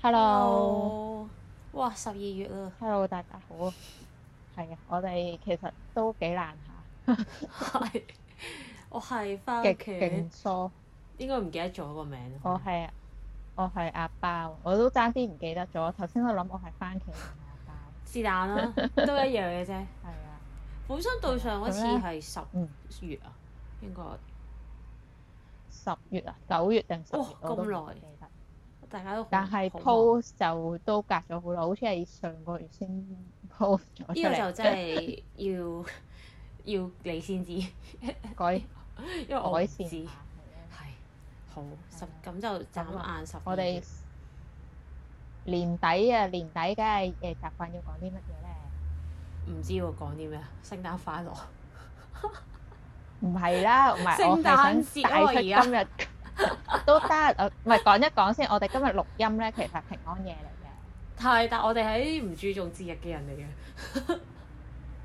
Hello，哇十二月啦！Hello，大家好，係啊，我哋其實都幾難下。係，我係番茄。緊縮，應該唔記得咗個名。我係，我係阿包，我都爭啲唔記得咗。頭先我諗我係番茄，阿包。是但啦，都一樣嘅啫。係啊 的，本身對上嗰次係十月啊，嗯、應該該。十月啊，九月定十月？哇、哦，咁耐都。大家都但係鋪就都隔咗好耐，好似係上個月先鋪咗出嚟。呢個就真係要要你先知改，因為我先知係好十咁就眨眼十。我哋年底啊，年底梗係誒習慣要講啲乜嘢咧？唔知要講啲咩啊？聖誕快樂！唔係啦，唔係我係想帶出今日。都得，唔係講一講先。我哋今日錄音咧，其實平安夜嚟嘅，係但係我哋係唔注重節日嘅人嚟嘅。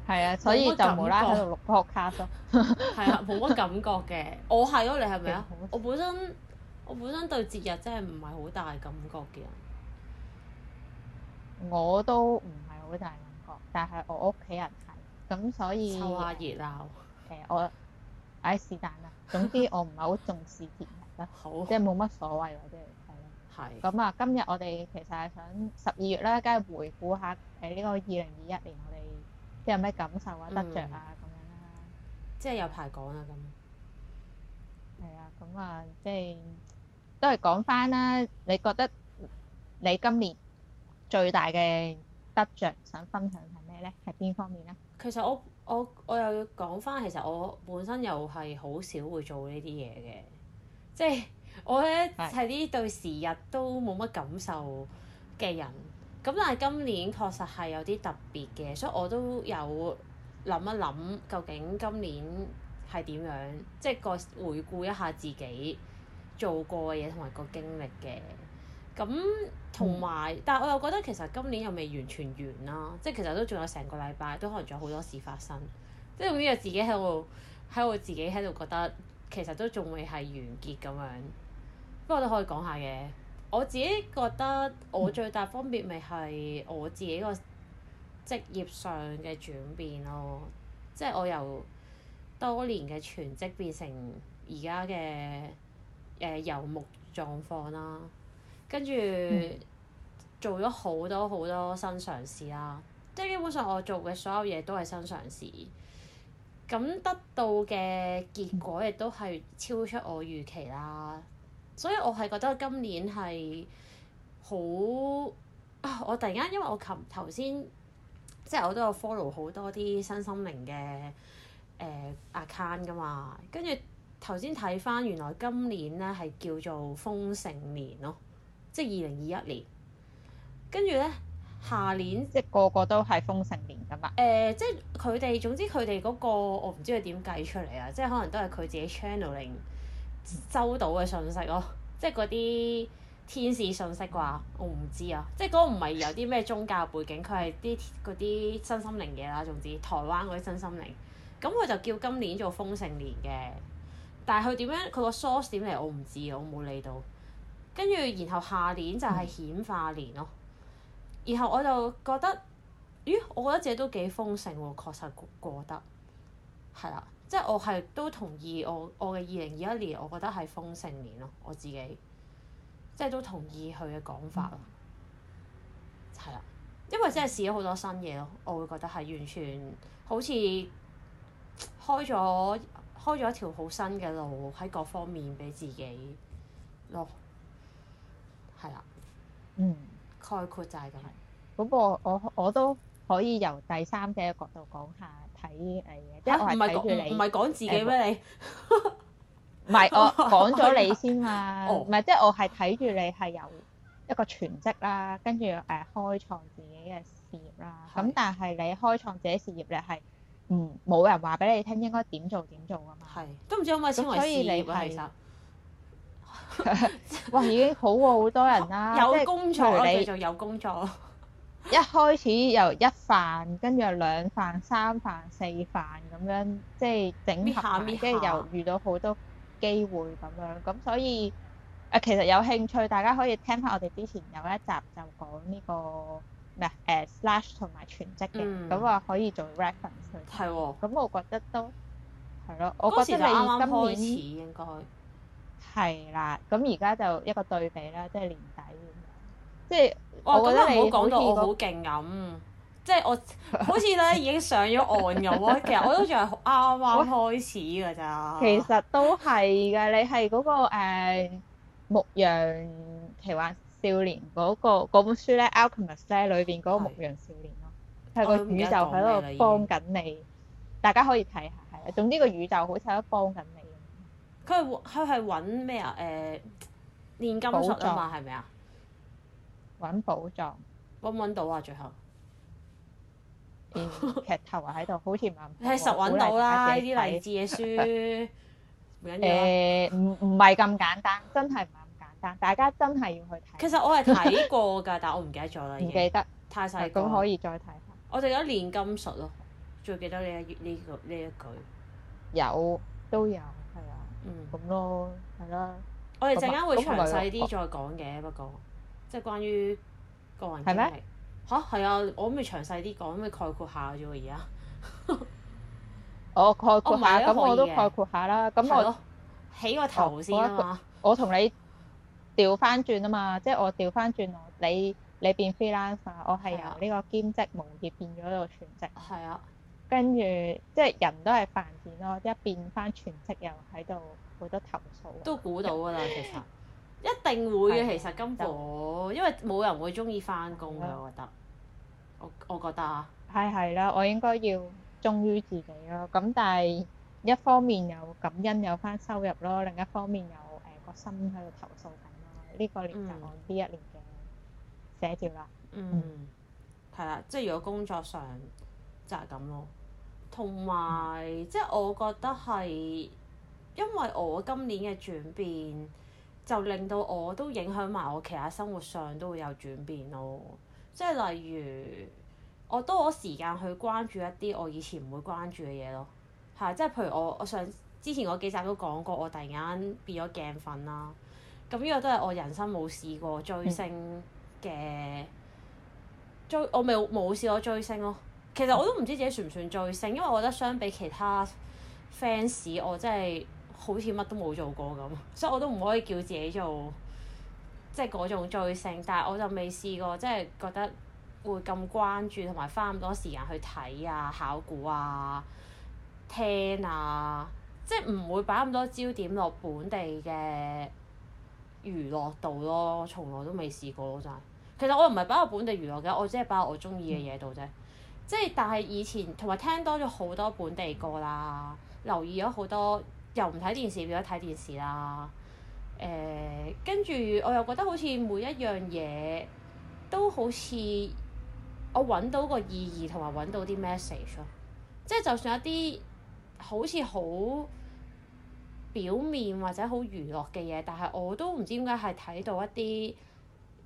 係啊，所以就無啦啦喺度錄 podcast 咯，係啊，冇乜感覺嘅。我係咯，你係咪啊？我本身我本身對節日真係唔係好大感覺嘅人。我都唔係好大感覺，但係我屋企人係咁，所以湊下熱鬧。其實我唉是但啦，總之我唔係好重視節。好即係冇乜所謂，即係係咯。係咁是啊！今日我哋其實係想十二月啦，梗係回顧下誒呢個二零二一年我，我哋即係有咩感受啊，得着啊咁樣啦。即係有排講啦，咁係啊。咁啊，即係都係講翻啦。你覺得你今年最大嘅得着想分享係咩咧？係邊方面咧？其實我我我又要講翻，其實我本身又係好少會做呢啲嘢嘅。即係我咧係啲對時日都冇乜感受嘅人，咁但係今年確實係有啲特別嘅，所以我都有諗一諗究竟今年係點樣，即係個回顧一下自己做過嘅嘢同埋個經歷嘅。咁同埋，嗯、但係我又覺得其實今年又未完全完啦，即係其實都仲有成個禮拜，都可能仲有好多事發生。即係總之自己喺度，喺我自己喺度覺得。其實都仲未係完結咁樣，不過都可以講下嘅。我自己覺得我最大分別咪係我自己個職業上嘅轉變咯，即係我由多年嘅全職變成而家嘅誒遊牧狀況啦，跟住做咗好多好多新嘗試啦，即係基本上我做嘅所有嘢都係新嘗試。咁得到嘅結果亦都係超出我預期啦，所以我係覺得今年係好啊！我突然間因為我琴頭先即係我都有 follow 好多啲新心靈嘅誒、呃、account 噶嘛，跟住頭先睇翻原來今年咧係叫做豐盛年咯，即係二零二一年，跟住咧。下年即個個都係豐盛年㗎嘛？誒、呃，即係佢哋總之佢哋嗰個我唔知佢點計出嚟啊！即係可能都係佢自己 channeling 收到嘅信息咯、哦，即係嗰啲天使信息啩？我唔知啊！即係嗰個唔係有啲咩宗教背景，佢係啲嗰啲身心靈嘢啦。總之台灣嗰啲身心靈，咁佢就叫今年做豐盛年嘅，但係佢點樣佢個 source 點嚟？我唔知我冇理到。跟住然後下年就係顯化年咯。嗯。然後我就覺得，咦？我覺得自己都幾豐盛喎，確實過得係啦。即係我係都同意我我嘅二零二一年，我覺得係豐盛年咯，我自己即係都同意佢嘅講法咯。係啦，嗯，因為真係試咗好多新嘢咯，我會覺得係完全好似開咗開咗一條好新嘅路喺各方面俾自己咯。係啦，嗯。概括就係咁，不過我我，我都可以由第三者嘅角度講下睇誒嘢，即係我係睇住你。唔係講自己咩？欸、你唔係 我講咗你先嘛？唔係即係我係睇住你係有一個全職啦，跟住誒開創自己嘅事業啦。咁是但係你開創自己事業咧，係唔冇人話俾你聽應該點做點做噶嘛？係都唔知有冇成為事業。 哇，已經好過好多人啦，有工作你就有工作。一開始由一飯，跟住又兩飯、三飯、四飯咁樣，即係整合，跟住又遇到好多機會咁樣。咁所以誒、呃，其實有興趣大家可以聽翻我哋之前有一集就講呢、這個咩誒、呃、slash 同埋全職嘅，咁啊、嗯、可以做 reference。係喎、哦，咁我覺得都係咯。我覺得你今年開始應該。係啦，咁而家就一個對比啦，即係年底咁樣，即係哇我覺得唔好講到好勁咁，即係我好似咧 已經上咗岸咁 其實我都仲係啱啱開始㗎咋。其實都係嘅，你係、嗰個誒、呃、牧羊奇幻少年、嗰本書咧，Alchemist 咧，裏邊嗰個牧羊少年咯，係的個宇宙喺度幫緊你，大家可以睇下，係啊，總之個宇宙好似喺度幫緊你。佢佢係揾咩啊？誒，煉金術啊嘛，係咪啊？揾寶藏，揾唔揾到啊？最後，劇頭啊喺度，好似唔係實揾到啦！啲勵志嘅書唔緊要啦。誒，唔唔係咁簡單，真係唔係咁簡單。大家真係要去睇。其實我係睇過㗎，但我唔記得咗啦。唔記得太細個，咁可以再睇下。我仲有煉金術咯，最記得呢一呢個呢一句，有都有。嗯，咁咯，係啦。我哋陣間會詳細啲再講嘅，啊、不過即係關於個人經咩？嚇嗎，係啊，啊，我唔咪詳細啲講，我咪概括下啫喎，而家。我概括下咁，我都概括下啦。係我，我，我起個頭先啊嘛，我同你調翻轉啊嘛，即係我調翻轉我，我你、就是、我我你，你變 freelancer，、啊、我係由呢個兼職無業變咗呢個全職。係啊。跟住，即係人都係犯賤咯，一變翻全職又喺度好多投訴。都估到㗎啦，其實一定會嘅。的其實根本，就因為冇人會中意翻工嘅，的我覺得。我我覺得啊。係係啦，我應該要忠於自己咯。咁但係一方面有感恩有翻收入咯，另一方面有誒個心喺度投訴緊咯。呢、這個年就按呢一年嘅社調啦。嗯，係啦、嗯，即係如果工作上就係咁咯。同埋，即係我覺得係，因為我今年嘅轉變，就令到我都影響埋我其他生活上都會有轉變咯。即係例如，我多咗時間去關注一啲我以前唔會關注嘅嘢咯。係，即係譬如我我上之前嗰幾集都講過，我突然間變咗鏡粉啦。咁呢個都係我人生冇試過追星嘅、嗯、追，我咪冇冇試過追星咯。其實我都唔知自己算唔算追星，因為我覺得相比其他 fans，我真係好似乜都冇做過咁，所以我都唔可以叫自己做即係嗰種追星。但係我就未試過，即係覺得會咁關注同埋花咁多時間去睇啊、考古啊、聽啊，即係唔會擺咁多焦點落本地嘅娛樂度咯。從來都未試過咯，就係。其實我又唔係擺落本地娛樂嘅，我只係擺落我中意嘅嘢度啫。嗯即係，但係以前同埋聽多咗好多本地歌啦，留意咗好多，又唔睇電視變咗睇電視啦。誒、呃，跟住我又覺得好似每一樣嘢都好似我揾到個意義同埋揾到啲 message 咯。即係就算、是、一啲好似好表面或者好娛樂嘅嘢，但係我都唔知點解係睇到一啲。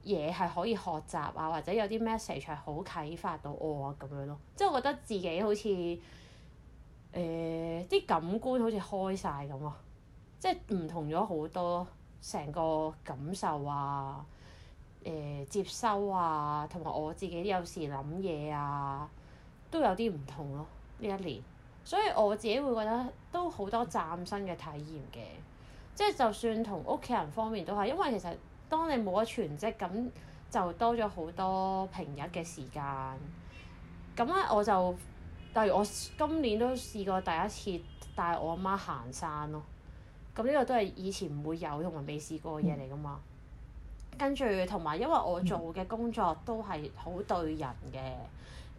嘢係可以學習啊，或者有啲 message 係好啟發到我啊，咁樣咯。即係我覺得自己好似誒啲感官好似開晒咁啊，即係唔同咗好多咯。成個感受啊，誒、呃、接收啊，同埋我自己有時諗嘢啊，都有啲唔同咯。呢一年，所以我自己會覺得都好多嶄新嘅體驗嘅。即係就算同屋企人方面都係，因為其實。當你冇咗全職，咁就多咗好多平日嘅時間。咁咧，我就例如我今年都試過第一次帶我阿媽行山咯。咁呢個都係以前唔會有同埋未試過嘅嘢嚟㗎嘛。跟住同埋因為我做嘅工作都係好對人嘅。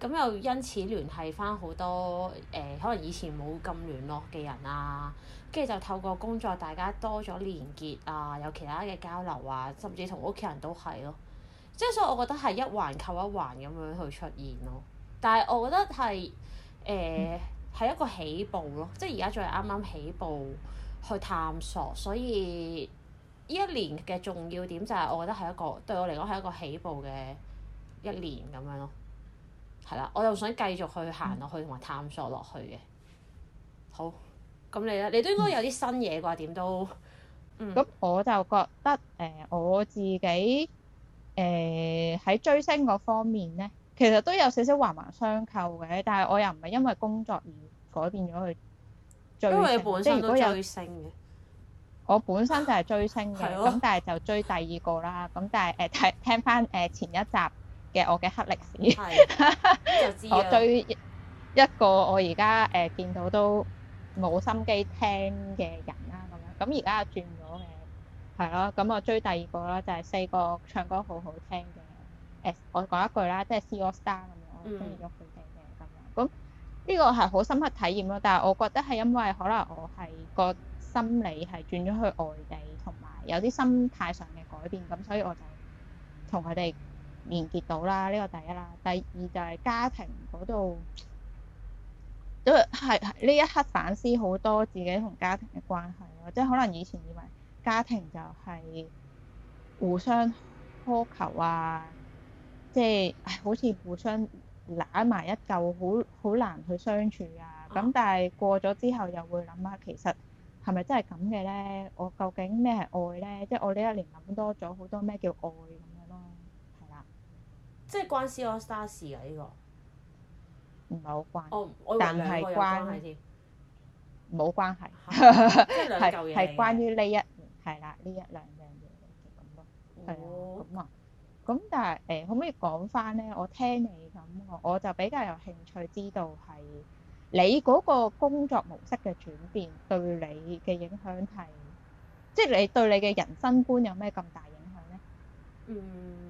咁又因此聯繫返好多誒、呃，可能以前冇咁聯絡嘅人啊，跟住就透過工作，大家多咗連結啊，有其他嘅交流啊，甚至同屋企人都係咯、啊。即係所以我覺得係一環扣一環咁樣去出現咯、啊。但係我覺得係誒係一個起步咯、啊，即係而家仲係啱啱起步去探索，所以呢一年嘅重要點就係我覺得係一個對我嚟講係一個起步嘅一年咁樣咯、啊。係啦，我又想繼續去行落去同埋探索落去嘅。好，咁你咧，你都應該有啲新嘢啩？點都。嗯。咁我就覺得誒、呃，我自己誒喺、呃、追星嗰方面咧，其實都有少少環環相扣嘅，但係我又唔係因為工作而改變咗去追星，因為本身都追如果有星嘅。啊、我本身就係追星嘅，咁、哦、但係就追第二個啦。咁但係誒、呃，聽聽翻誒、呃、前一集嘅我嘅黑歷史， 我追一一個我而家誒見到都冇心機聽嘅人啦、啊，咁樣咁而家轉咗嘅係咯，咁我追第二個啦，就係、是、四個唱歌好好聽嘅誒、欸，我講一句啦，即係 C AllStar 咁樣，嗯、我中意咗佢哋嘅咁樣。咁呢個係好深刻體驗咯，但係我覺得係因為可能我係個心理係轉咗去外地，同埋有啲心態上嘅改變，咁所以我就同佢哋。連結到啦，呢個第一啦。第二就係家庭嗰度都係呢一刻反思好多自己同家庭嘅關係咯。即係可能以前以為家庭就係互相苛求啊，即係唉好似互相揦埋一嚿，好好難去相處啊。咁但係過咗之後又會諗下，其實係咪真係咁嘅咧？我究竟咩係愛咧？即係我呢一年諗多咗好多咩叫愛。即係關《Stars》事啊！呢個唔係好關，但係關冇關係，係係關於呢一係啦，呢一兩樣嘢咁咯。係咁啊，咁但係誒，可唔可以講翻咧？我聽你咁，我就比較有興趣知道係你嗰個工作模式嘅轉變對你嘅影響係，即係你對你嘅人生觀有咩咁大影響咧？嗯。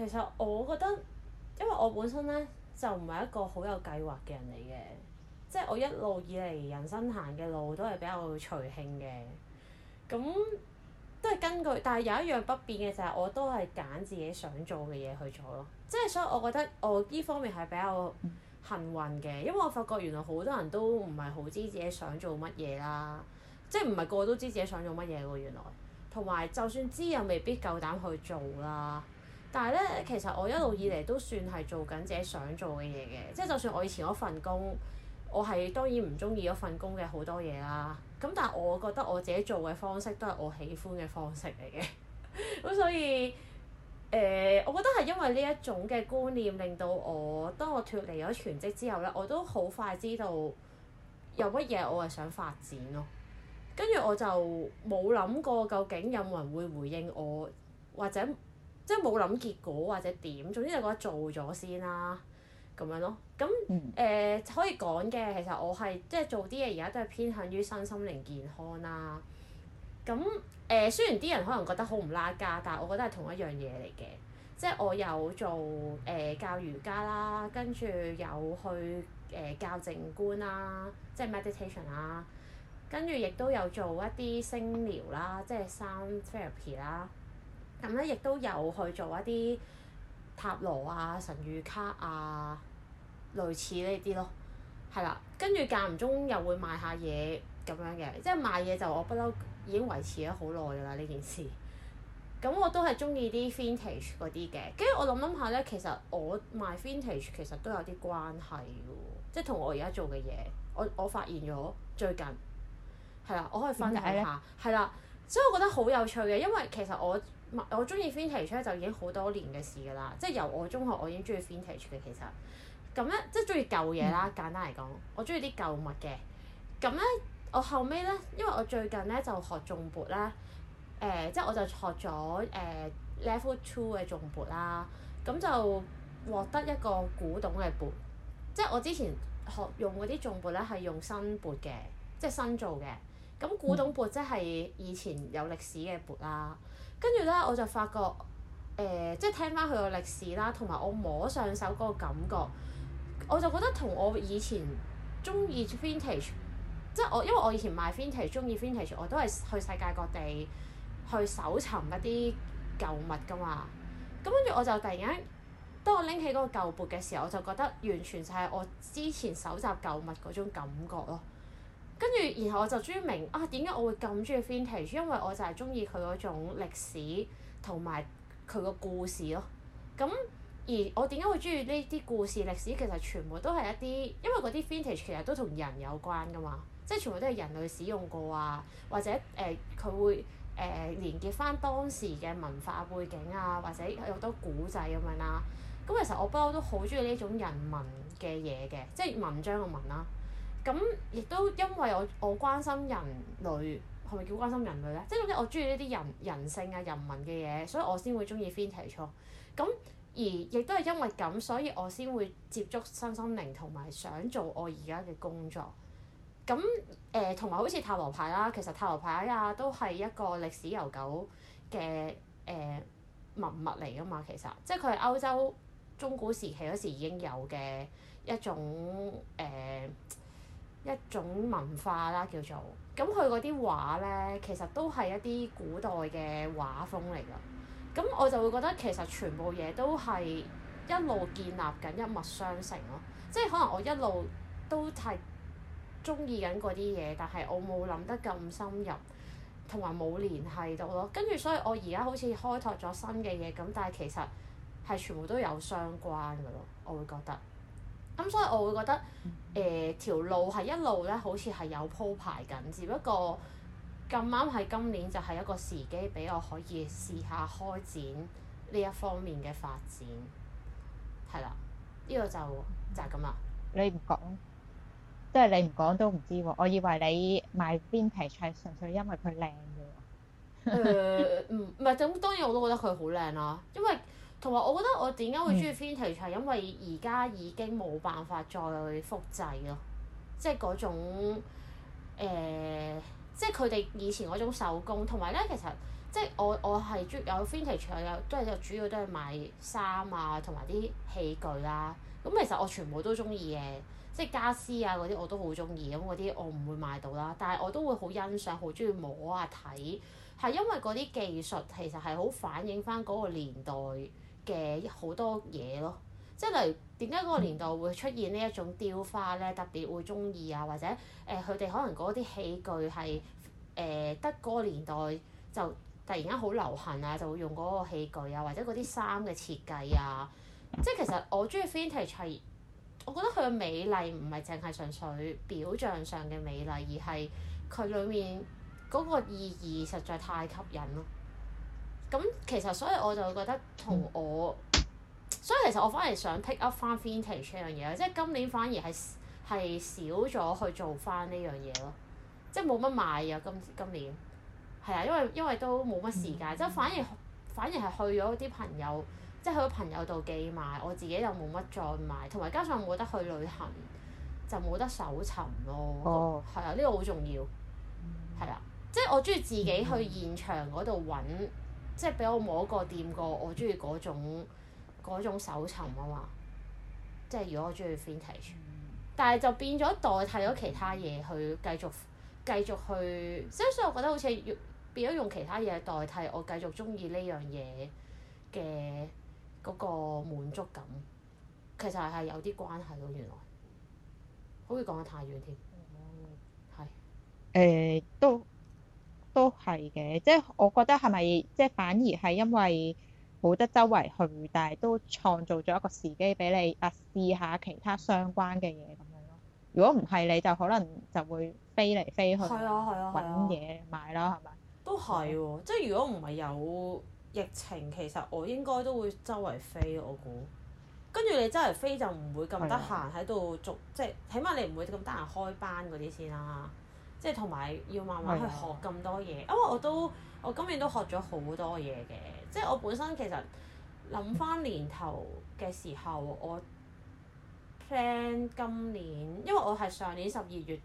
其實我覺得，因為我本身咧就唔係一個好有計劃嘅人嚟嘅，即係我一路以嚟人生行嘅路都係比較隨興嘅。咁都係根據，但係有一樣不變嘅就係，我都係揀自己想做嘅嘢去做咯。即係所以我覺得我呢方面係比較幸運嘅，因為我發覺原來好多人都唔係好知自己想做乜嘢啦，即係唔係個個都知自己想做乜嘢喎。原來同埋就算知又未必夠膽去做啦。但係咧，其實我一路以嚟都算係做緊自己想做嘅嘢嘅，即係就算我以前嗰份工，我係當然唔中意嗰份工嘅好多嘢啦。咁但係我覺得我自己做嘅方式都係我喜歡嘅方式嚟嘅，咁 所以誒、呃，我覺得係因為呢一種嘅觀念令到我，當我脫離咗全職之後咧，我都好快知道有乜嘢我係想發展咯。跟住我就冇諗過究竟有冇人會回應我或者？即係冇諗結果或者點，總之就覺得做咗先啦、啊，咁樣咯。咁誒、嗯呃、可以講嘅，其實我係即係做啲嘢，而家都係偏向於身心靈健康啦、啊。咁誒、呃，雖然啲人可能覺得好唔拉家，但係我覺得係同一樣嘢嚟嘅。即係我有做誒、呃、教瑜伽啦，跟住有去誒、呃、教靜觀啦，即係 meditation 啦。跟住亦都有做一啲聲療啦，即係 sound therapy 啦。咁咧，亦都、嗯、有去做一啲塔羅啊、神諭卡啊，類似呢啲咯，係啦。跟住間唔中又會賣下嘢咁樣嘅，即係賣嘢就我不嬲已經維持咗好耐㗎啦呢件事。咁我都係中意啲 vintage 嗰啲嘅，跟住我諗諗下咧，其實我賣 vintage 其實都有啲關係喎，即係同我而家做嘅嘢，我我發現咗最近係啦，我可以分享下係啦、嗯，所以我覺得好有趣嘅，因為其實我。唔係，我中意 Vintage 咧就已經好多年嘅事㗎啦。即係由我中學，我已經中意 Vintage 嘅其實。咁咧，即係中意舊嘢啦。簡單嚟講，我中意啲舊物嘅。咁咧，我後尾咧，因為我最近咧就學頌缽啦。誒、呃，即係我就學咗誒、呃、Level Two 嘅頌缽啦。咁就獲得一個古董嘅缽。即係我之前學用嗰啲頌缽咧，係用新缽嘅，即係新做嘅。咁古董缽即係以前有歷史嘅缽啦，跟住咧我就發覺，誒、呃、即係聽翻佢個歷史啦，同埋我摸上手嗰個感覺，我就覺得同我以前中意 vintage，即係我因為我以前買 vintage 中意 vintage，我都係去世界各地去搜尋一啲舊物㗎嘛，咁跟住我就突然間，當我拎起嗰個舊缽嘅時候，我就覺得完全就係我之前搜集舊物嗰種感覺咯。跟住，然後我就終於明啊，點解我會咁中意 vintage 因為我就係中意佢嗰種歷史同埋佢個故事咯、啊。咁而我點解會中意呢啲故事歷史，其實全部都係一啲，因為嗰啲 vintage 其實都同人有關噶嘛，即係全部都係人類使用過啊，或者誒佢、呃、會誒、呃、連結翻當時嘅文化背景啊，或者有好多古仔咁樣啦。咁其實我不嬲都好中意呢種人文嘅嘢嘅，即係文章嘅文啦、啊。咁亦都因為我我關心人類，係咪叫關心人類咧？即係總之我中意呢啲人人性啊、人民嘅嘢，所以我先會中意 Vintage。咁而亦都係因為咁，所以我先會接觸新心，心靈同埋想做我而家嘅工作。咁誒同埋好似塔羅牌啦，其實塔羅牌啊都係一個歷史悠久嘅誒文物嚟㗎嘛。其實即係佢係歐洲中古時期嗰時已經有嘅一種誒。呃一種文化啦，叫做咁佢嗰啲畫咧，其實都係一啲古代嘅畫風嚟㗎。咁我就會覺得其實全部嘢都係一路建立緊一脈相承咯。即係可能我一路都係鍾意緊嗰啲嘢，但係我冇諗得咁深入，同埋冇聯繫到咯。跟住所以，我而家好似開拓咗新嘅嘢，咁但係其實係全部都有相關㗎咯。我會覺得。咁、嗯、所以我會覺得，誒、呃、條路係一路咧，好似係有鋪排緊，只不過咁啱喺今年就係一個時機，俾我可以試下開展呢一方面嘅發展，係啦，呢、這個就就係咁啦。你唔講，即係你唔講都唔知喎、啊。我以為你買 vintage，純粹因為佢靚嘅。誒唔唔係，咁當然我都覺得佢好靚啦，因為。同埋我覺得我點解會中意 vintage 係，嗯、因為而家已經冇辦法再複製咯，即係嗰種，呃、即係佢哋以前嗰種手工。同埋咧，其實即係我我係中意有 vintage 有都係主要都係買衫啊，同埋啲器具啦、啊。咁其實我全部都中意嘅，即係傢俬啊嗰啲我都好中意。咁嗰啲我唔會買到啦，但係我都會好欣賞，好中意摸啊睇，係因為嗰啲技術其實係好反映翻嗰個年代嘅好多嘢咯，即係例如點解嗰個年代會出現呢一種雕花咧，特別會中意啊，或者誒佢哋可能嗰啲器具係誒得嗰個年代就突然間好流行啊，就會用嗰個器具啊，或者嗰啲衫嘅設計啊，即係，其實我中意 Vintage 係，我覺得佢嘅美麗唔係淨係純粹表象上嘅美麗，而係佢裡面嗰個意義實在太吸引咯。咁其實，所以我就覺得同我，所以其實我反而想 pick up 翻 vintage 呢樣嘢，即係今年反而係係少咗去做翻呢樣嘢咯，即係冇乜買啊今今年係啊，因為因為都冇乜時間，即係反而反而係去咗啲朋友，即係去咗朋友度寄買，我自己又冇乜再買，同埋加上我冇得去旅行，就冇得搜尋咯，係啊、oh.，呢個好重要，係啊，即係我中意自己去現場嗰度揾。即係俾我摸過、掂過我，我中意嗰種嗰種手層啊嘛！即係如果我中意 vintage 但係就變咗代替咗其他嘢去繼續繼續去，所以所以，我覺得好似用變咗用其他嘢代替我繼續中意呢樣嘢嘅嗰個滿足感，其實係有啲關係咯，原來。好似講得太遠添。係。誒、欸，都。都係嘅，即係我覺得係咪即係反而係因為冇得周圍去，但係都創造咗一個時機俾你啊試下其他相關嘅嘢咁樣咯。如果唔係，你就可能就會飛嚟飛去，係啊，係啊揾嘢、啊啊、買啦，係咪？都係喎、啊，即係如果唔係有疫情，其實我應該都會周圍飛，我估。跟住你周圍飛就唔會咁得閒喺度做，啊、即係起碼你唔會咁得閒開班嗰啲先啦。即係同埋要慢慢去學咁多嘢，的因為我都我今年都學咗好多嘢嘅。即係我本身其實諗返年頭嘅時候，我 plan 今年，因為我係上年十二月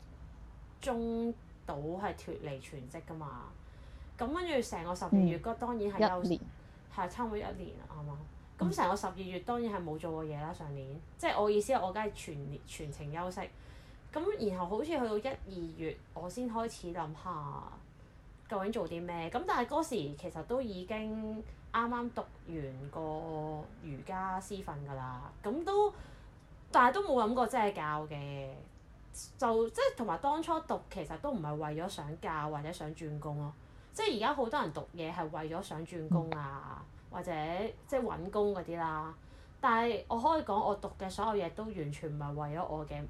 中到係脱離全職㗎嘛，咁跟住成個十二月嗰當然係休息，係、嗯、差唔多一年啱係嘛？咁成個十二月當然係冇做過嘢啦，上年，即係我意思我梗係全全程休息。咁然後好似去到一二月，我先開始諗下究竟做啲咩。咁但係嗰時其實都已經啱啱讀完個瑜伽師訓㗎啦。咁都但係都冇諗過真係教嘅，就即係同埋當初讀其實都唔係為咗想教或者想轉工咯。即係而家好多人讀嘢係為咗想轉工啊，或者即係揾工嗰啲啦。但係我可以講我讀嘅所有嘢都完全唔係為咗我嘅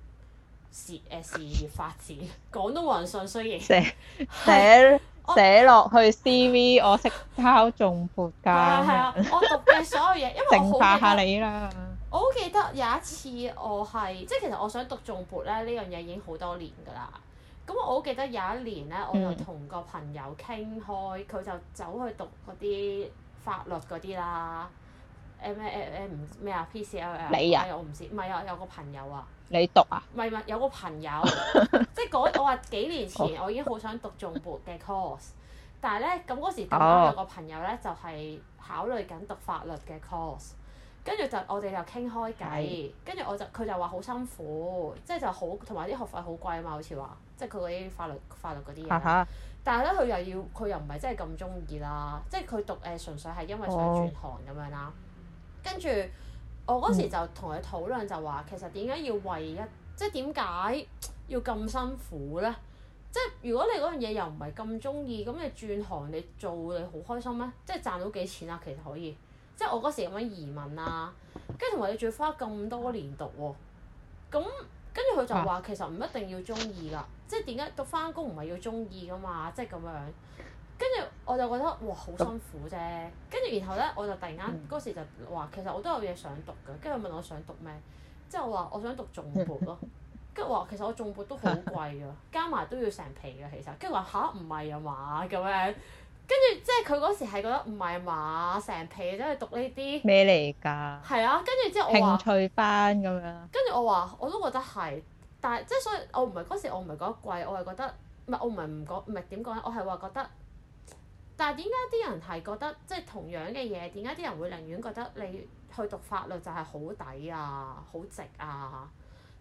事誒事業發展，廣東雲信雖然寫寫落去 C V， 我識抄重闊㗎。係啊，我讀嘅 所有嘢，因為我好記。 下你啦。我好記得有一次我，我係即係其實我想讀重闊咧，呢樣嘢已經好多年㗎啦。咁我好記得有一年咧，我就同個朋友傾開，佢、嗯、就走去讀嗰啲法律嗰啲啦。ML、M M M M 唔咩啊？P C L L 你啊？我唔知，唔係有有，有個朋友啊。你讀啊？唔係唔係，有個朋友， 即係嗰我話幾年前， 我已經好想讀仲博嘅 course，但係咧咁嗰時點解有個朋友咧就係、是、考慮緊讀法律嘅 course，跟住就我哋就傾開偈，跟住 我就佢就話好辛苦，即係就好同埋啲學費好貴啊嘛，好似話即係佢嗰啲法律法律嗰啲嘢。但係咧佢又要佢又唔係真係咁中意啦，即係佢讀誒純、呃、粹係因為想轉行咁樣啦，跟住。 我嗰時就同佢討論，就話其實點解要為一即係點解要咁辛苦咧？即係如果你嗰樣嘢又唔係咁中意，咁你轉行你做你好開心咩？即係賺到幾錢啊？其實可以即係我嗰時咁樣疑問啊，跟住同埋你仲要花咁多年讀喎啊，咁跟住佢就話其實唔一定要中意啦，即係點解讀返工唔係要中意噶嘛？即係咁樣。跟住我就覺得哇，好辛苦啫。跟住然後咧，我就突然間嗰、嗯、時就話，其實我都有嘢想讀嘅。跟住佢問我想讀咩？即係我話我想讀重撥咯。跟住話其實我重撥都好貴㗎，加埋都要成皮㗎。其實跟住話嚇唔係啊嘛咁樣。跟住即係佢嗰時係覺得唔係啊嘛，成皮都係讀呢啲咩嚟㗎？係啊，跟住之後我話興趣班咁樣。跟住我話我都覺得係，但係即係所以我唔係嗰時我唔係覺得貴，我係覺得唔係我唔係唔覺唔係點講咧，我係話覺得。但係點解啲人係覺得即係同樣嘅嘢？點解啲人會寧願覺得你去讀法律就係好抵啊，好值啊？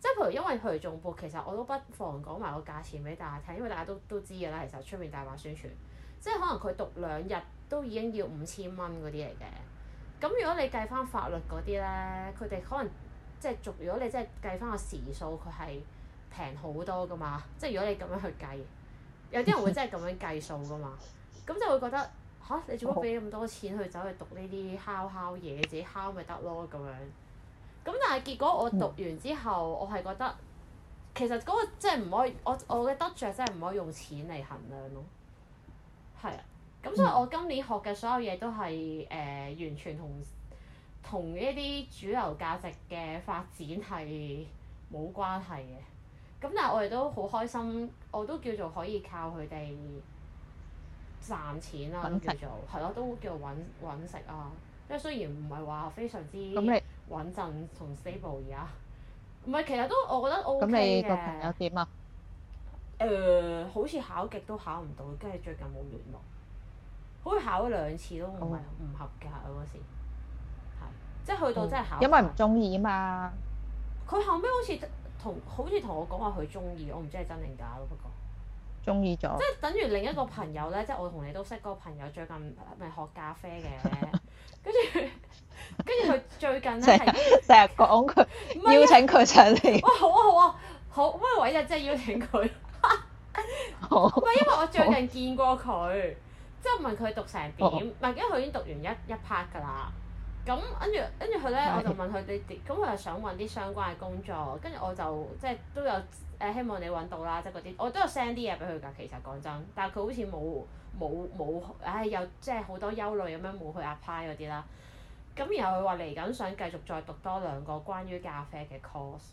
即係譬如因為佢仲報，其實我都不妨講埋個價錢俾大家聽，因為大家都都知㗎啦。其實出面大話宣傳，即係可能佢讀兩日都已經要五千蚊嗰啲嚟嘅。咁如果你計返法律嗰啲咧，佢哋可能即係逐如果你即係計返個時數，佢係平好多㗎嘛。即係如果你咁樣去計，有啲人會真係咁樣計數㗎嘛。 咁就會覺得嚇，你做乜俾咁多錢去走去讀呢啲敲敲嘢？自己敲咪得咯咁樣。咁但係結果我讀完之後，嗯、我係覺得其實嗰個即係唔可以，我我嘅得着真係唔可以用錢嚟衡量咯。係啊，咁所以我今年學嘅所有嘢都係誒、呃、完全同同一啲主流價值嘅發展係冇關係嘅。咁但係我哋都好開心，我都叫做可以靠佢哋。賺錢啊，叫做係咯，都叫做揾食啊。即係雖然唔係話非常之你穩陣同 stable 而家。唔係，其實都我覺得 OK 嘅。咁你嗰個朋友點啊？誒、呃，好似考極都考唔到，跟住最近冇聯絡。好似考咗兩次都唔係唔合格啊！嗰、哦、時即係去到真係考、嗯。因為唔中意啊嘛。佢後尾好似同好似同我講話佢中意，我唔知係真定假咯，不過。中意咗，即係等於另一個朋友咧，即係我同你都識嗰個朋友，最近咪學咖啡嘅。跟住跟住佢最近咧係成日講佢邀請佢上嚟、啊，哇好啊好啊好，乜位啊即係邀請佢。好，喂，啊、因為我最近見過佢，之後好問佢讀成點，唔係好，因為佢已經讀完一一 part 㗎啦。咁跟住跟住佢咧，呢對我就問佢你點？咁我係想搵啲相關嘅工作，跟住我就即係都有。誒希望你揾到啦，即係嗰啲，我都有 send 啲嘢俾佢㗎。其實講真，但係佢好似冇冇冇，唉，又即係好多憂慮咁樣冇去 apply 嗰啲啦。咁然後佢話嚟緊想繼續再讀多兩個關於咖啡嘅 course。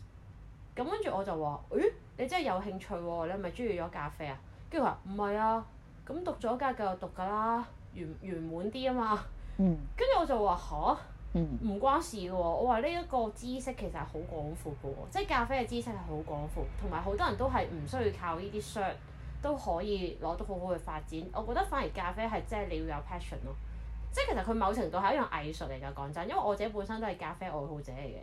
咁跟住我就話：誒，你真係有興趣喎、啊？你係咪中意咗咖啡啊？跟住佢話唔係啊。咁讀咗梗係繼續讀㗎啦，圓圓滿啲啊嘛。跟住、嗯、我就話嚇。唔、嗯、關事嘅喎，我話呢一個知識其實好廣闊嘅喎、哦，即係咖啡嘅知識係好廣闊，同埋好多人都係唔需要靠呢啲 shirt 都可以攞到好好嘅發展。我覺得反而咖啡係即係你要有 passion 咯，即係其實佢某程度係一樣藝術嚟噶。講真，因為我自己本身都係咖啡愛好者嚟嘅，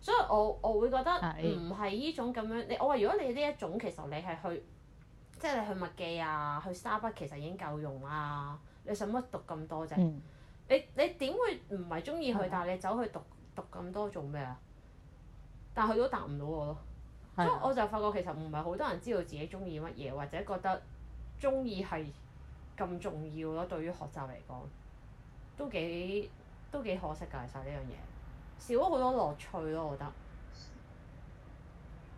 所以我我會覺得唔係呢種咁樣。是你我話如果你呢一種其實你係去，即係你去麥記啊，去 Starbucks，其實已經夠用啦、啊。你使乜讀咁多啫？嗯你你點會唔係鍾意佢？的但係你走去讀讀咁多做咩啊？但係佢都答唔到我咯，的所以我就發覺其實唔係好多人知道自己鍾意乜嘢，或者覺得鍾意係咁重要咯。對於學習嚟講，都幾都幾可惜㗎，其實呢樣嘢少咗好多樂趣咯，我覺得。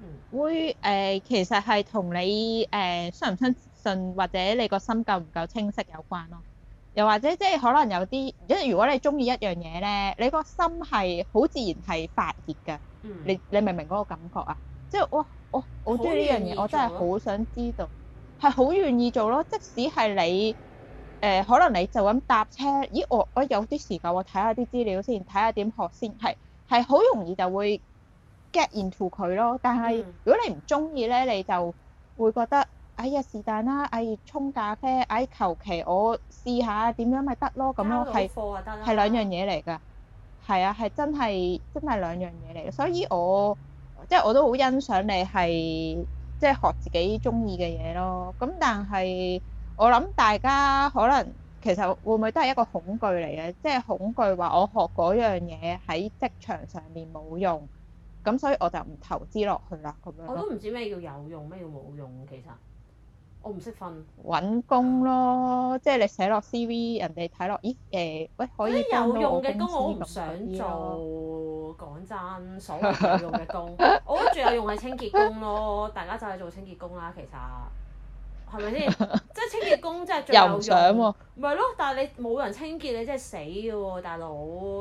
嗯。會、呃、其實係同你誒、呃、信唔相信，信，或者你個心夠唔夠清晰有關咯、啊。又或者即係可能有啲一，因為如果你中意一樣嘢咧，你個心係好自然係發熱㗎、嗯。你你明唔明嗰個感覺啊？即係哇，哇，我我中意呢樣嘢，我真係好想知道，係好願意做咯。即使係你誒、呃，可能你就咁搭車，咦？我我有啲時間，我睇下啲資料先，睇下點學先。係係好容易就會 get into 佢咯。但係如果你唔中意咧，你就會覺得。哎呀，是但啦！哎，沖咖啡，哎，求其我試下點樣咪得咯。咁樣，係係兩樣嘢嚟㗎，係啊，係真係真係兩樣嘢嚟。所以我即係我都好欣賞你係即係學自己鍾意嘅嘢咯。咁但係我諗大家可能其實會唔會都係一個恐懼嚟嘅，即係恐懼話我學嗰樣嘢喺職場上面冇用，咁所以我就唔投資落去啦。咁樣我都唔知咩叫有用，咩叫冇用，其實。我唔識瞓，揾工咯，即係你寫落 CV，人哋睇落，咦誒、呃，喂，可以幫到我公司咁樣。有用嘅工，我唔想做。樣。講真，所謂有，有用嘅工， 我覺得最有用係清潔工咯。大家就係做清潔工啦，其實係咪先？ 即係清潔工，真係最有用。唔係咯，但係你冇人清潔，你真係死嘅喎，大佬，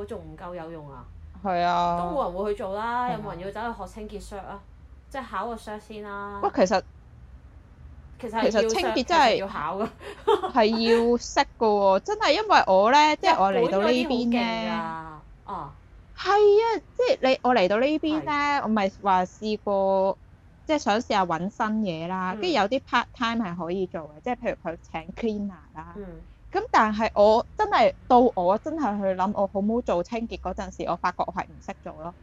仲唔夠有用啊？係啊。都冇人會去做啦， 有冇人要走去學清潔 chef 啊？即係考個 chef 先啦。喂，其實～其實清潔真係要考㗎，係要識㗎喎，真係因為我咧， 即係我嚟到邊呢邊咧、啊，啊，係啊，即、就、係、是、你我嚟到呢邊咧，我咪話的試過，即係想試下揾新嘢啦，跟住、嗯、有啲 part time 係可以做嘅，即係譬如佢請 cleaner 啦，咁、嗯、但係我真係到我真係去諗我好唔好做清潔嗰陣時，我發覺我係唔識做咯，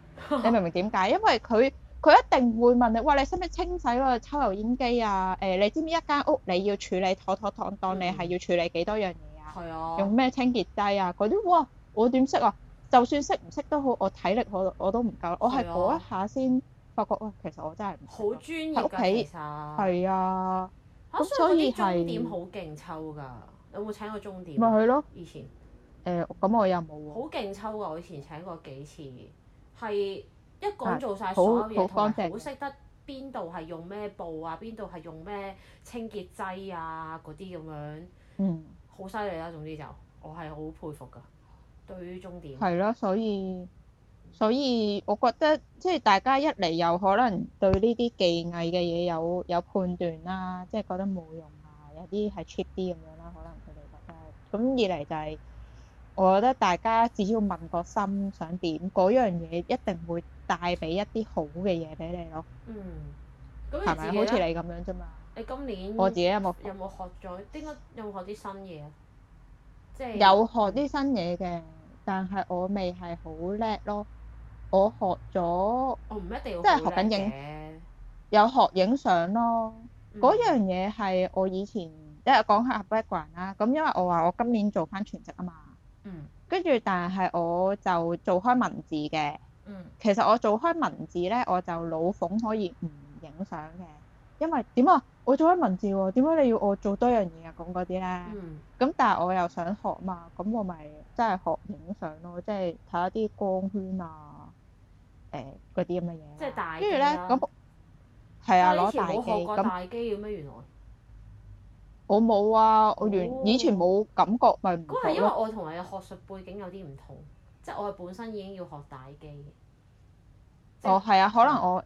你明唔明點解？ 因為佢。佢一定會問你，喂，你使唔使清洗個抽油煙機啊？誒、欸，你知唔知一間屋你要處理妥妥當當，你係要處理幾多樣嘢啊？係啊、嗯。用咩清潔劑啊？嗰啲哇！我點識啊？就算識唔識都好，我體力好，我都唔夠。我係嗰一下先發覺，哇、哎！其實我真係唔好專業㗎。係屋企。係實啊。咁、啊、所以鐘、啊、點好勁抽㗎，有冇請過鐘點？咪去咯。以前。誒、呃，咁我又冇喎。好勁抽㗎！我以前請過幾次，係。一講做晒，所有嘢，同埋好識得邊度係用咩布啊，邊度係用咩清潔劑啊嗰啲咁樣，好犀利啦！總之就我係好佩服㗎，對於重點係咯，所以所以我覺得即係大家一嚟有可能對呢啲技藝嘅嘢有有判斷啦、啊，即係覺得冇用啊，有啲係 cheap 啲咁樣啦，可能佢哋覺得、就係。咁二嚟就係、係、我覺得大家只要問個心想點，嗰樣嘢一定會。帶俾一啲好嘅嘢俾你咯，嗯，係咪好似你咁樣啫嘛？你今年我自己有冇有冇學咗？點解有冇學啲新嘢？即係有學啲新嘢嘅、就是，但係我未係好叻咯。我學咗，我唔、哦、一定要，即係學緊影，嗯、有學影相咯。嗰、嗯、樣嘢係我以前即係講開 work 慣啦。咁因為我話我今年做翻全職啊嘛。嗯。跟住，但係我就做開文字嘅。嗯，其實我做開文字咧，我就老馮可以唔影相嘅，因為點啊，我做開文字喎、啊，點解你要我做多樣嘢啊，講嗰啲咧？咁、嗯、但係我又想學嘛，咁我咪真係學影相咯，即係睇下啲光圈啊，誒嗰啲咁嘅嘢。即係大跟住咧，咁係啊，攞、嗯嗯嗯、大機咁。以前冇學過大機嘅咩？那原來。我冇啊！我原、哦、以前冇感覺，咪唔覺咯。係因為我同你嘅學術背景有啲唔同。即係我本身已經要學打機。就是、哦，係啊，可能我，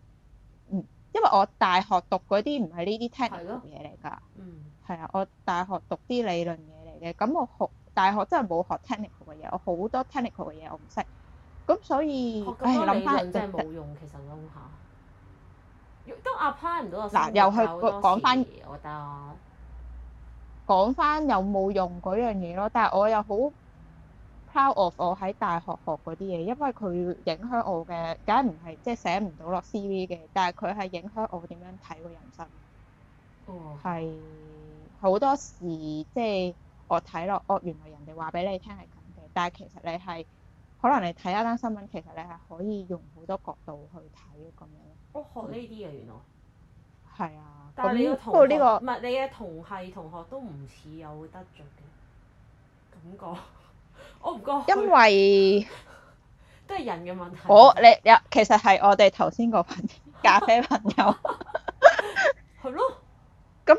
嗯，因為我大學讀嗰啲唔係呢啲 technical 嘢嚟㗎。嗯的。係啊，我大學讀啲理論嘢嚟嘅，咁我學大學真係冇學 technical 嘅嘢，我好多 technical 嘅嘢我唔識。咁所以，學咁多理論真係冇用，其實諗、就、下、是。都 apply 唔到嗱，又去講翻，回我覺得講翻有冇用嗰樣嘢咯，但係我又好。power of 我喺大學學嗰啲嘢，因為佢影響我嘅，梗係唔係即係寫唔到落 CV 嘅，但係佢係影響我點樣睇個人生。哦。係好多時即係我睇落，哦，原來人哋話俾你聽係咁嘅，但係其實你係可能你睇一單新聞，其實你係可以用好多角度去睇咁樣。我學呢啲嘢，原來。係啊。但係你嘅同，呢個唔係你嘅同係同學都唔似有得著嘅感覺？我唔覺，因為都係人嘅問題。我、哦、你有其實係我哋頭先個朋咖啡朋友係咯。咁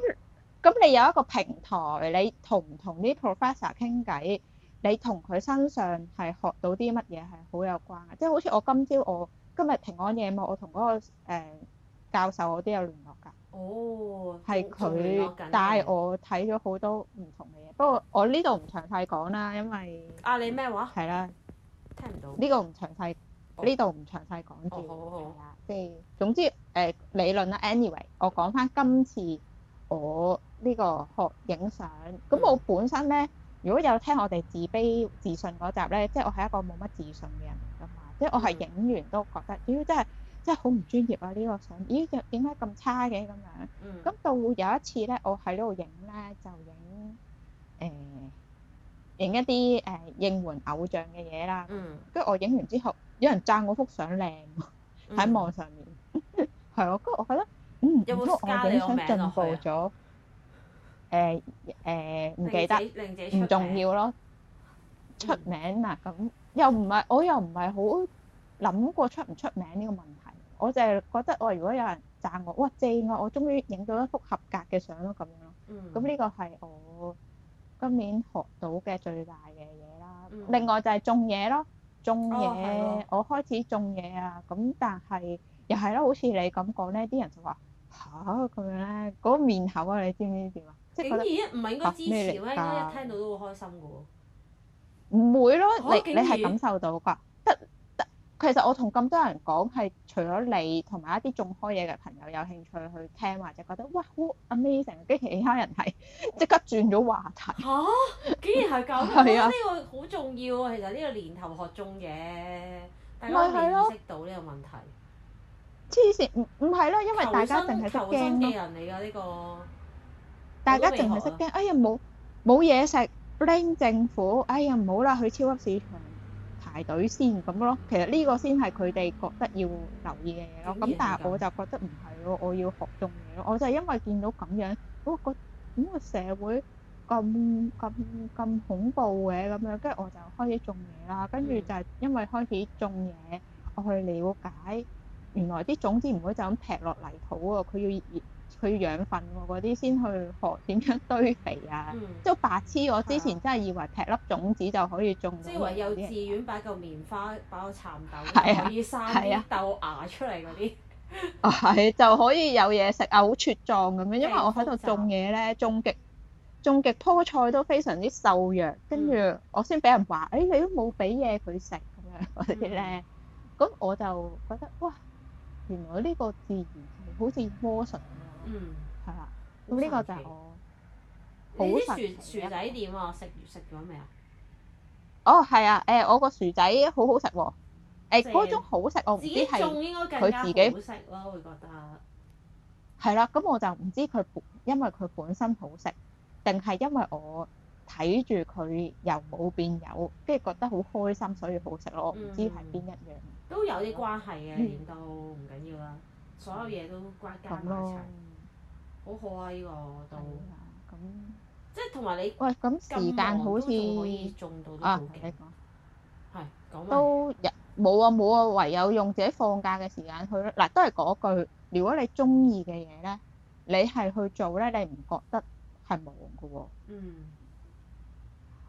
咁，你有一個平台，你同唔同啲 professor 傾偈，你同佢身上係學到啲乜嘢係好有關嘅，即、就、係、是、好似我今朝我今日平安夜，嘛，我同嗰、那個、呃、教授我都有聯絡㗎。哦，係佢帶我睇咗好多唔同嘅嘢，啊、不過我呢度唔詳細講啦，因為啊，你咩話？係啦的，聽唔到。呢個唔詳細，呢度唔詳細講住、哦。好好好。即係總之，誒、呃、理論啦，Anyway，我講翻今次我呢個學影相，咁、嗯、我本身咧，如果有聽我哋自卑自信嗰集咧，即、就、係、是、我係一個冇乜自信嘅人㗎嘛，即、就、係、是、我係影完都覺得，屌真係。真係好唔專業啊！呢、呢個相，咦點解咁差嘅咁樣？咁 到有一次咧，我喺呢度影咧就影誒影一啲誒、呃、應援偶像嘅嘢啦。跟住 我影完之後，有人讚我幅相靚喺網上面係咯。跟 住、嗯、 我覺得，嗯，有有因為我影相進步咗。誒誒，唔記得，唔重要咯。出名嗱，咁、嗯、又唔係我又唔係好諗過出唔出名呢個問題。我就係覺得，我如果有人讚我，哇，正啊！我終於影到一幅合格嘅相咯，咁樣咯。咁呢個係我今年學到嘅最大嘅嘢啦。另外就係種嘢咯，種嘢我開始種嘢啊。咁但係又係咯，好似你咁講咧，啲人就話吓咁樣咧，嗰個面口啊，你知唔知點啊？支持一唔係應該支持咩嚟啊？聽到都會開心噶喎。唔會咯，你你係感受到噶，得。其實我同咁多人講係，除咗你同埋一啲仲開嘢嘅朋友有興趣去聽，或者覺得哇好 amazing，跟其他人係即刻轉咗話題。嚇、啊！竟然係咁？係 啊！呢個好重要啊，其實呢個年頭學中嘢，大家要認識到呢個問題。黐線，唔唔係咯，因為大家淨係識驚人嚟㗎呢個。大家淨係識驚，哎呀冇冇嘢食，blame 政府，哎呀唔好啦，去超級市場。排隊先咁咯，其實呢個先係佢哋覺得要留意嘅嘢咯。咁但係我就覺得唔係咯，我要學種嘢咯。我就係因為見到咁樣，哇個咁個社會咁咁咁恐怖嘅咁樣，跟住我就開始種嘢啦。跟住就係因為開始種嘢，我去了解原來啲種子唔會就咁劈落泥土喎，佢要熱熱。佢養分喎，嗰啲先去學點樣堆肥啊！即係、嗯、白痴，我之前真係以為劈粒種子就可以種。即係幼稚園擺嚿棉花，擺嚿蠶豆，啊、可以生啲豆芽出嚟嗰啲。係、啊啊、 就可以有嘢食啊！好茁壯咁樣，因為我喺度種嘢咧，種極種極棵菜都非常之瘦弱，跟住我先俾人話，誒、哎、你都冇俾嘢佢食咁樣嗰啲咧。咁、嗯、我就覺得哇！原來呢個自然好似魔術。嗯，係啦。咁呢個就係我好食。薯仔點啊？食食咗未啊？哦，係啊，誒，我個薯仔好好食喎。誒，嗰種好食，我唔知係佢自己好食咯，會覺得係啦。咁我就唔知佢，因為佢本身好食，定係因為我睇住佢由冇變有，跟住覺得好開心，所以好食咯。我唔知係邊一樣，都有啲關係嘅，連到唔緊要啦。所有嘢都瓜分埋好開依個都咁，即係同埋你喂咁時間好似啊，唔記得講係都冇啊冇啊，唯有用自己放假嘅時間去咯。嗱，都係嗰句，如果你鍾意嘅嘢咧，你係去做咧，你唔覺得係忙嘅喎？嗯，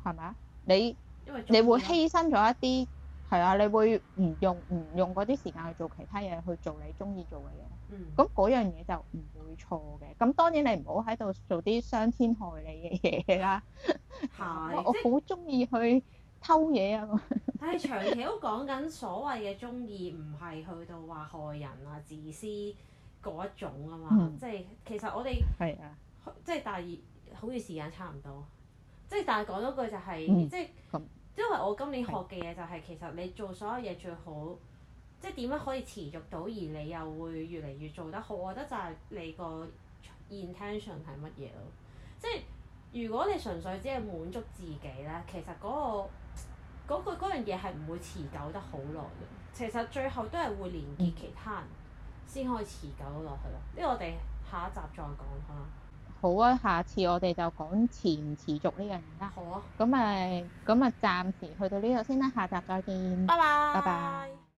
係咪啊？你因為你會犧牲咗一啲。係啊，你會唔用唔用嗰啲時間去做其他嘢，去做你鍾意做嘅嘢。嗯。咁嗰樣嘢就唔會錯嘅。咁當然你唔好喺度做啲傷天害理嘅嘢啦。係是。 我好鍾意去偷嘢啊！但係長期都講緊所謂嘅鍾意，唔係去到話害人啊、自私嗰一種啊嘛。嗯、即係其實我哋係啊。即係大係好似時間差唔多。即係但係講多句就係、是嗯、即係。嗯。因為我今年學嘅嘢就係，其實你做所有嘢最好，即係點樣可以持續到，而你又會越嚟越做得好，我覺得就係你個 intention 係乜嘢咯。即係如果你純粹只係滿足自己咧，其實嗰個嗰個嗰樣嘢係唔會持久得好耐嘅。其實最後都係會連結其他人先可以持久落去咯。呢個我哋下一集再講啦。好啊，下次我哋就講持唔持續呢樣嘢啦，好啊。咁咪咁咪暫時去到呢度先啦，下集再見。拜拜。拜拜。